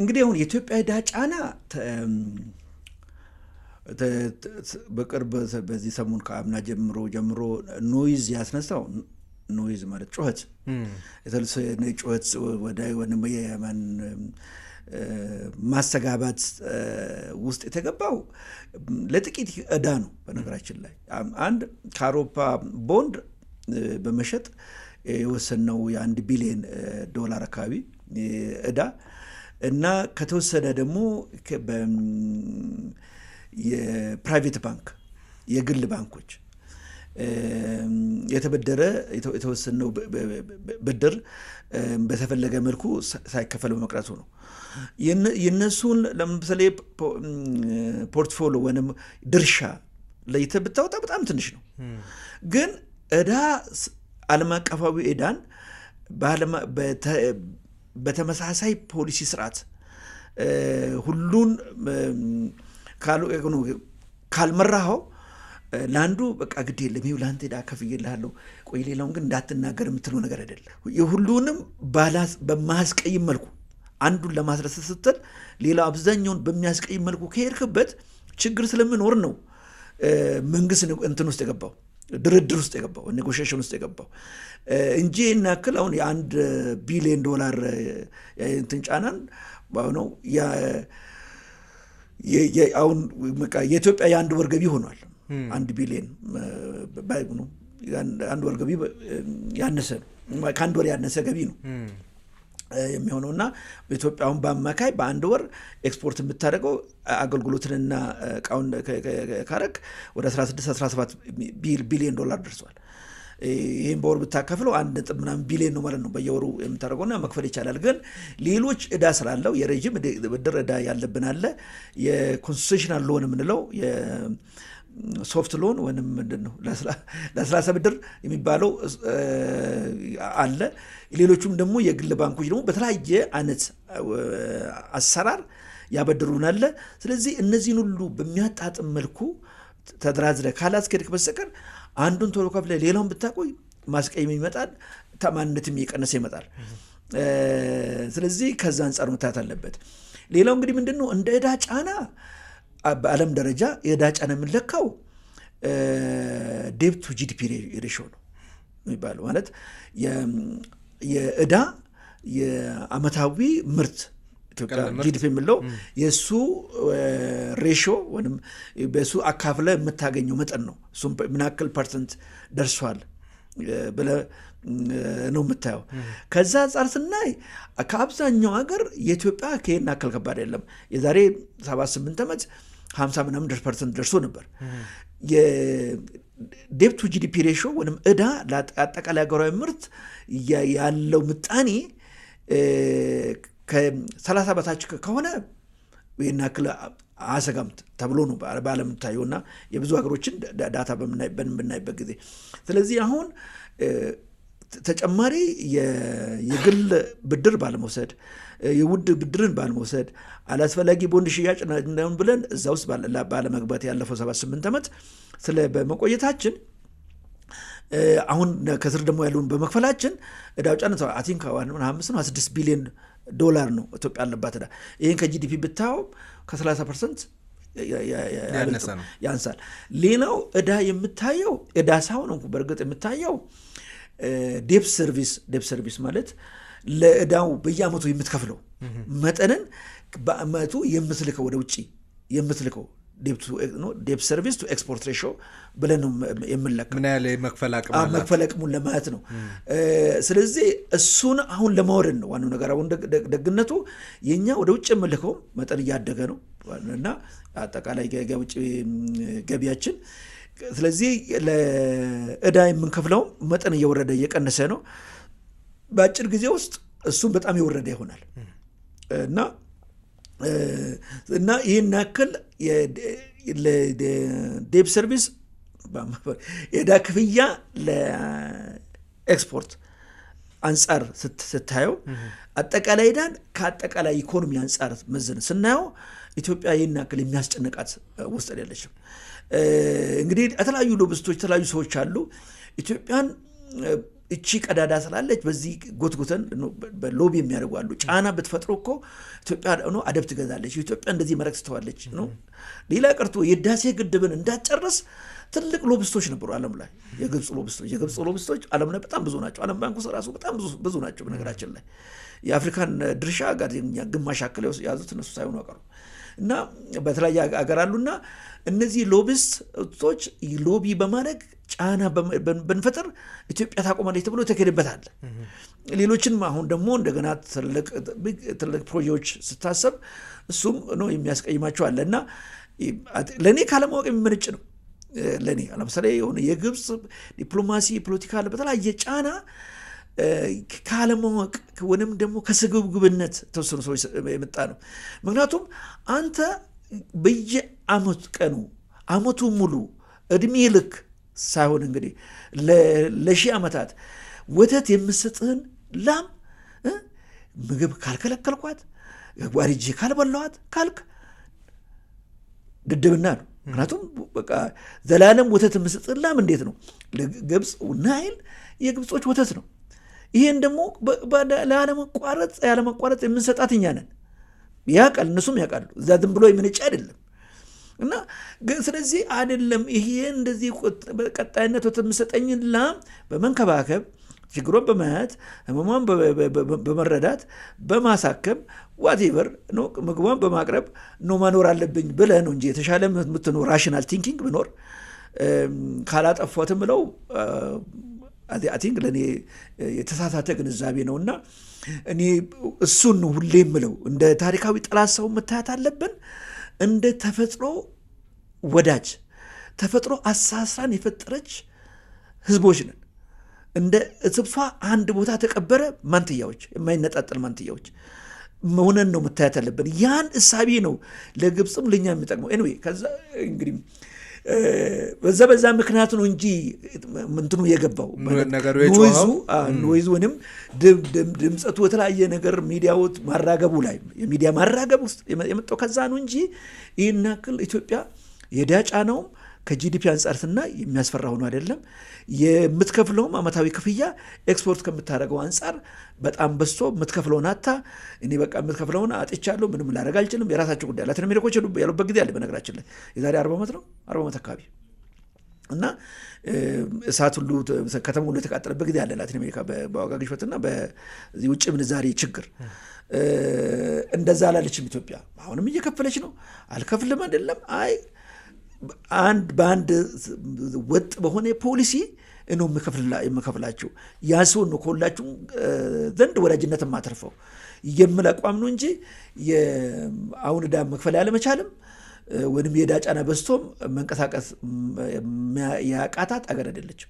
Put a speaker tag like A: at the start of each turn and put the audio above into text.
A: እንግዲህ አሁን የኢትዮጵያ ዕዳ ጫና በቅርብ በዚህ ሰሞን ከአምና ጀምሮ ጀምሮ ኖይዝ ያስነሳው ኖይዝ ማለት ጩኸት የተልሶ ጩኸት ወደ የመን ማስተጋባት ውስጥ የተገባው ለጥቂት ዕዳ ነው። በነገራችን ላይ አንድ ከአውሮፓ ቦንድ በመሸጥ የወሰነው የአንድ ቢሊዮን ዶላር አካባቢ ዕዳ እና ከተወሰደ ደግሞ የፕራይቬት ባንክ የግል ባንኮች የተበደረ የተወሰነው ብድር በተፈለገ መልኩ ሳይከፈል በመቅረቱ ነው። የእነሱን ለምሳሌ ፖርትፎሊዮ ወይም ድርሻ ለይተህ ብታወጣ በጣም ትንሽ ነው። ግን እዳ ዓለም አቀፋዊ ዕዳን በተመሳሳይ ፖሊሲ ስርዓት ሁሉን ካልመራኸው ለአንዱ በቃ ግድ የለም ይኸው ለአንተ ዕዳ ከፍዬልሃለሁ፣ ቆይ ሌላውን ግን እንዳትናገር የምትለው ነገር አይደለም። የሁሉንም በማያስቀይም መልኩ አንዱን ለማስረሰት ስትል ሌላው አብዛኛውን በሚያስቀይም መልኩ ከሄድክበት ችግር ስለምኖር ነው መንግስት እንትን ውስጥ የገባው። ድርድር ውስጥ የገባው ኔጎሽሽን ውስጥ የገባው እንጂ ይህን ያክል አሁን የአንድ ቢሊዮን ዶላር እንትን ጫናን ነው። አሁን የኢትዮጵያ የአንድ ወር ገቢ ሆኗል። አንድ ቢሊዮን አንድ ወር ገቢ ያነሰ ነው። ከአንድ ወር ያነሰ ገቢ ነው። የሚሆነው እና በኢትዮጵያውን በአማካይ በአንድ ወር ኤክስፖርት የምታደርገው አገልግሎትንና እቃውን ካረግ ወደ 1617 ቢሊዮን ዶላር ደርሷል። ይህም በወር ብታካፍለው አንድ ነጥብ ምናምን ቢሊዮን ነው ማለት ነው በየወሩ የምታደርገውና መክፈል ይቻላል። ግን ሌሎች እዳ ስላለው የረዥም ብድር እዳ ያለብን አለ የኮንሴሽናል ሎን የምንለው ሶፍት ሎን ወይም ምንድን ነው ለስላሳ ብድር የሚባለው አለ። ሌሎቹም ደግሞ የግል ባንኮች ደግሞ በተለያየ አይነት አሰራር ያበድሩን አለ። ስለዚህ እነዚህን ሁሉ በሚያጣጥም መልኩ ተደራዝረ ካላስኬድክ በስተቀር አንዱን ቶሎ ከፍለ ሌላውን ብታቆይ ማስቀየም ይመጣል፣ ተማንነትም እየቀነሰ ይመጣል። ስለዚህ ከዛ አንጻር መታት አለበት። ሌላው እንግዲህ ምንድን ነው እንደ ዕዳ ጫና በዓለም ደረጃ የዕዳ ጫና የምንለካው ዴብቱ ጂዲፒ ሬሾ ነው የሚባለው ማለት የዕዳ የአመታዊ ምርት ኢትዮጵያ ጂዲፒ የምለው የእሱ ሬሽዮ ወይም በእሱ አካፍለ የምታገኘው መጠን ነው። እሱም ምን ፐርሰንት ደርሷል ብለህ ነው የምታየው። ከዛ አንጻር ስናይ ከአብዛኛው ሀገር የኢትዮጵያ ከሄን አካል ከባድ የለም። የዛሬ 78 ዓመት 50 ምናምን ፐርሰንት ደርሶ ነበር። የዴፕቱ ጂዲፒ ሬሾ ወይም እዳ ለአጠቃላይ ሀገራዊ ምርት ያለው ምጣኔ ከ30 በታች ከሆነ ይህን ያክል አያሰጋም ተብሎ ነው በዓለም የምታየው እና የብዙ ሀገሮችን ዳታ በምናይበት ጊዜ ስለዚህ አሁን ተጨማሪ የግል ብድር ባለመውሰድ የውድ ብድርን ባለመውሰድ አላስፈላጊ ቦንድ ሽያጭ እንደሆን ብለን እዛ ውስጥ ባለመግባት ያለፈው ሰባት ስምንት ዓመት ስለ በመቆየታችን አሁን ከስር ደግሞ ያለውን በመክፈላችን እዳው ጫነት አይ ቲንክ ነው ስድስት ቢሊዮን ዶላር ነው ኢትዮጵያ ያለባት ዕዳ። ይህን ከጂዲፒ ብታየው ከ30 ፐርሰንት ያንሳል። ሌላው ዕዳ የምታየው ዕዳ ሳይሆን በእርግጥ የምታየው ዴፕ ሰርቪስ ዴፕ ሰርቪስ ማለት ለዕዳው በየአመቱ የምትከፍለው መጠንን በአመቱ የምትልከው ወደ ውጭ የምትልከው ዴፕ ሰርቪስ ቱ ኤክስፖርት ሬሾ ብለን ነው መክፈል አቅሙን ለማለት ነው። ስለዚህ እሱን አሁን ለማውረድ ነው ዋናው ነገር። አሁን ደግነቱ የእኛ ወደ ውጭ የምልከው መጠን እያደገ ነው እና አጠቃላይ ውጭ ገቢያችን ስለዚህ ለእዳ የምንከፍለው መጠን እየወረደ እየቀነሰ ነው። በአጭር ጊዜ ውስጥ እሱም በጣም የወረደ ይሆናል እና እና ይህን ያክል ዴብ ሰርቪስ የዳ ክፍያ ለኤክስፖርት አንጻር ስታየው አጠቃላይ ዳን ከአጠቃላይ ኢኮኖሚ አንጻር መዝን ስናየው ኢትዮጵያ ይህን ያክል የሚያስጨንቃት ውስጥ አይደለችም። እንግዲህ የተለያዩ ሎብስቶች የተለያዩ ሰዎች አሉ ኢትዮጵያን እቺ ቀዳዳ ስላለች በዚህ ጎትጉተን በሎቢ የሚያደርጓሉ ጫና ብትፈጥሮ እኮ ኢትዮጵያ ሆኖ አደብ ትገዛለች፣ ኢትዮጵያ እንደዚህ መረግ ስተዋለች ነው። ሌላ ቀርቶ የህዳሴ ግድብን እንዳትጨርስ ትልቅ ሎብስቶች ነበሩ ዓለም ላይ የግብፅ ሎብስቶች የግብፅ ሎብስቶች ዓለም ላይ በጣም ብዙ ናቸው። ዓለም ባንኩ ውስጥ ራሱ በጣም ብዙ ናቸው። በነገራችን ላይ የአፍሪካን ድርሻ ጋር ግማሽ ያክል ያዙት እነሱ ሳይሆኑ አቀሩ። እና በተለያየ ሀገር አሉና እነዚህ ሎቢስቶች ሎቢ በማድረግ ጫና ብንፈጥር ኢትዮጵያ ታቆማለች ተብሎ ተካሄደበታል። ሌሎችንም አሁን ደግሞ እንደገና ትልቅ ፕሮጀክቶች ስታሰብ እሱም ነው የሚያስቀይማቸው አለ እና ለእኔ ካለማወቅ የሚመነጭ ነው። ለእኔ ለምሳሌ የሆነ የግብፅ ዲፕሎማሲ ፖለቲካ በተለያየ ጫና ካለማወቅ ወይም ደግሞ ከስግብግብነት የተወሰኑ ሰዎች የመጣ ነው። ምክንያቱም አንተ በየአመቱ ቀኑ አመቱ ሙሉ እድሜ ልክ ሳይሆን እንግዲህ ለሺህ ዓመታት ወተት የምሰጥህን ላም ምግብ ካልከለከልኳት ጓር እጄ ካልበላዋት ካልክ ድድብና ነው። ምክንያቱም በቃ ዘላለም ወተት የምሰጥህን ላም እንዴት ነው ለግብፅ ናይል የግብፆች ወተት ነው። ይህን ደግሞ ለአለመቋረጥ ያለመቋረጥ የምንሰጣት እኛ ነን። ያውቃል፣ እነሱም ያውቃሉ። እዛ ዝም ብሎ የምንጭ አይደለም እና ግን ስለዚህ አይደለም ይሄ እንደዚህ በቀጣይነት የምሰጠኝን ላም በመንከባከብ ችግሮን በማየት ህመሟን በመረዳት በማሳከም ዋቴቨር ምግቧን በማቅረብ ነው መኖር አለብኝ ብለህ ነው እንጂ የተሻለ የምትኖር ራሽናል ቲንኪንግ ብኖር ካላጠፏትም ብለው አይ ቲንክ ለእኔ የተሳሳተ ግንዛቤ ነው እና እኔ እሱን ሁሌ የምለው እንደ ታሪካዊ ጠላት ሰው መታየት አለብን፣ እንደ ተፈጥሮ ወዳጅ። ተፈጥሮ አሳስራን የፈጠረች ህዝቦች ነን። እንደ እስብሷ አንድ ቦታ ተቀበረ ማንትያዎች፣ የማይነጣጠል ማንትያዎች መሆነን ነው መታየት አለብን። ያን እሳቤ ነው ለግብፅም ለእኛ የሚጠቅመው። ኤኒዌይ ከዛ እንግዲህ በዛ በዛ ምክንያት ነው እንጂ ምንትኑ የገባው ኖይዙ ኖይዙ ወይም ድምፀቱ የተለያየ ነገር ሚዲያዎት ማራገቡ ላይ የሚዲያ ማራገብ ውስጥ የመጣው ከዛ ነው እንጂ ይህን ያክል ኢትዮጵያ የዳጫ ነውም ከጂዲፒ አንጻርትና የሚያስፈራ ሆኖ አይደለም። የምትከፍለውም አመታዊ ክፍያ ኤክስፖርት ከምታደርገው አንጻር በጣም በሶ የምትከፍለውን አታ እኔ በቃ የምትከፍለውን አጥቻለሁ፣ ምንም ላደርግ አልችልም። የራሳቸው ጉዳይ ላትን አሜሪኮች ያሉበት ጊዜ አለ። በነገራችን ላይ የዛሬ አርባ ዓመት ነው አርባ ዓመት አካባቢ እና እሳት ሁሉ ከተማ ሁሉ የተቃጠለበት ጊዜ አለ። ላቲን አሜሪካ በዋጋ ግሽበትና በዚህ ውጭ ምንዛሬ ችግር እንደዛ አላለችም ኢትዮጵያ። አሁንም እየከፈለች ነው። አልከፍልም አይደለም አይ አንድ በአንድ ወጥ በሆነ ፖሊሲ ነው የምከፍላችሁ። ያ ሲሆን ነው ከሁላችሁም ዘንድ ወዳጅነት የማተርፈው የምል አቋም ነው እንጂ አሁን ዕዳ መክፈል ያለመቻልም ወይም የዕዳ ጫና በዝቶም መንቀሳቀስ ያቃታት አገር አይደለችም።